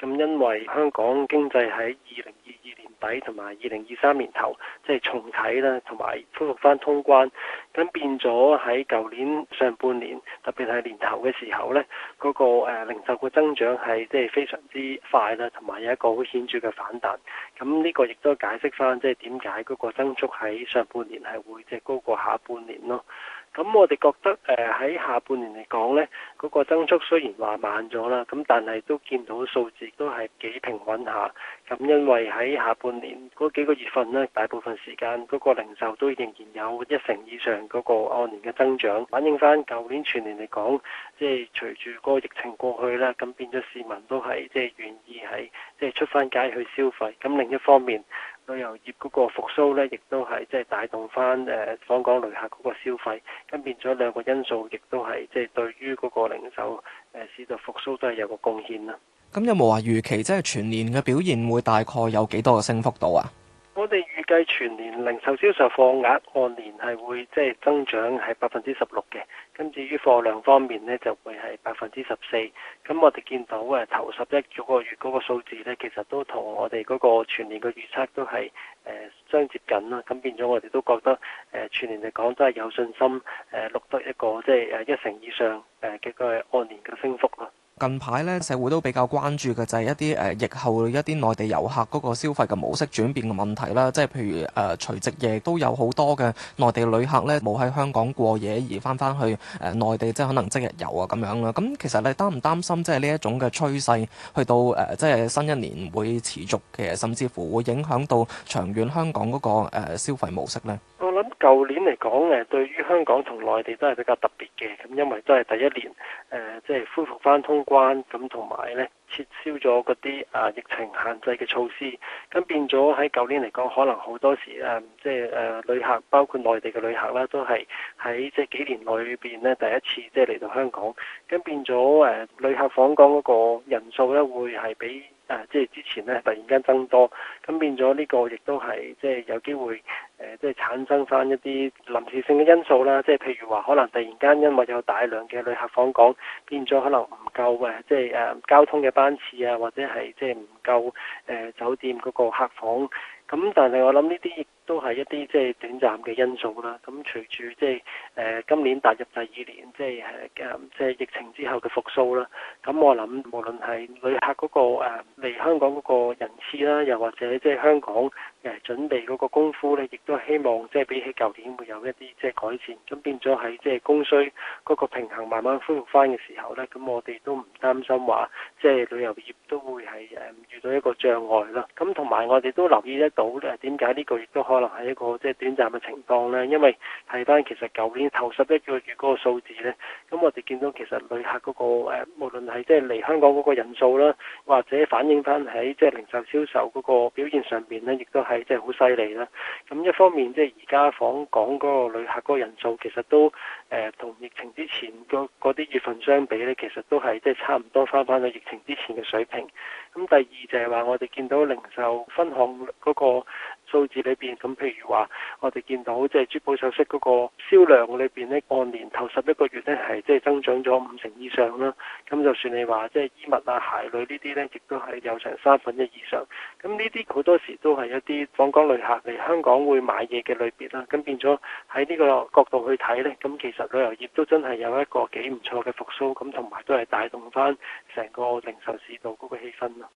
咁因為香港經濟喺二零二二年底同埋二零二三年頭即係重啟啦，同埋恢復翻通關，咁變咗喺舊年上半年，特別係年頭嘅時候呢，嗰個，呃，零售個增長係即係非常之快啦，同埋有一個好顯著嘅反彈。咁呢個亦都解釋翻即係點解嗰個增速喺上半年係會即係高過下半年咯。咁我哋覺得誒喺，呃，下半年嚟講呢，嗰個增速雖然話慢咗啦，咁但係都見到數字都係幾平穩下。咁因為喺下半年嗰幾個月份咧，大部分時間嗰個零售都仍然有一成以上嗰個按年嘅增長，反映翻舊年全年嚟講，即係隨住個疫情過去啦，咁變咗市民都係即係願意係即係出翻街去消費。咁另一方面，旅遊業嗰個復蘇咧，亦都係即係帶動翻誒，訪港旅客嗰個消費，咁變咗兩個因素，亦都係即係對於嗰個零售誒市道復蘇都係有個貢獻啦。咁有冇話預期，即係全年嘅表現會大概有幾多個升幅度啊？計全年零售銷售貨額按年係會即係增長係百分之十六嘅，跟至於貨量方面呢，就會係百分之十四。咁我哋見到誒頭十一個月嗰個數字呢，其實都同我哋嗰個全年嘅預測都係誒、呃、相接近啦。咁變咗我哋都覺得誒、呃、全年嚟講都係有信心誒錄、呃、得一個即係誒一成以上誒嘅個按年嘅升幅咯。近排咧，社會都比較關注嘅就係、是、一啲誒、呃、疫後一啲內地遊客嗰個消費嘅模式轉變嘅問題啦，即係譬如誒除夕夜都有好多嘅內地旅客咧冇喺香港過夜而翻翻去誒內、呃、地，即係可能即日遊啊咁樣啦。咁其實你擔唔擔心即係呢一種嘅趨勢去到誒、呃，即係新一年會持續嘅，甚至乎會影響到長遠香港嗰、那個、呃、消費模式呢？舊年嚟講，誒對於香港同內地都係比較特別嘅，咁因為都係第一年，誒即係恢復返通關，咁同埋呢撤銷咗嗰啲啊疫情限制嘅措施，咁變咗喺舊年嚟講，可能好多時誒即係誒旅客，包括內地嘅旅客啦，都係，喺即係幾年裏邊咧，第一次即係嚟到香港，咁變咗誒旅客訪港嗰個人數咧，會係比誒即係之前咧突然間增多，咁變咗呢個亦都係即係有機會誒即係產生翻一啲臨時性嘅因素啦，即係譬如話可能突然間因為有大量嘅旅客訪港，變咗可能唔夠誒即係誒交通嘅班次啊，或者係即係唔夠誒酒店嗰個客房，咁但係我諗呢啲。都係一啲即係短暫嘅因素啦。咁隨住即係誒今年踏入第二年，即係誒即係疫情之後嘅復甦啦。咁我諗，無論係旅客嗰個誒嚟香港嗰個人次啦，又或者即係香港誒準備嗰個功夫咧，亦都希望即係比起舊年會有一啲即係改善。咁變咗喺即係供需嗰個平衡慢慢恢復翻嘅時候咧，咁我哋都唔擔心話即係旅遊業都會係誒遇到一個障礙啦。咁同埋我哋都留意得到咧，點解呢個亦都開？可能係一個即係短暫嘅情況呢，因為睇返其實舊年頭十一個月嗰個數字呢，咁我哋見到其實旅客嗰、嗰個誒、呃，無論係即係嚟香港嗰個人數啦，或者反映返喺即係零售銷售嗰個表現上面呢，亦都係即係好犀利啦。咁一方面即係而家訪港嗰個旅客嗰個人數，其實都誒同、呃、疫情之前嗰啲月份相比呢，其實都係即係差唔多返返去疫情之前嘅水平。咁第二就係話，我哋見到零售分行嗰、嗰個。數字裏邊咁，譬如話我哋見到即係珠寶首飾嗰個銷量裏邊呢，按年頭十一個月呢，係即係增長咗五成以上啦。咁就算你話即係衣物啊、鞋類呢啲呢，亦都係有成三分一以上。咁呢啲好多時都係一啲訪港旅客嚟香港會買嘢嘅類別啦。咁變咗喺呢個角度去睇呢，咁其實旅遊業都真係有一個幾唔錯嘅復甦，咁同埋都係帶動翻成個零售市道嗰個氣氛咯。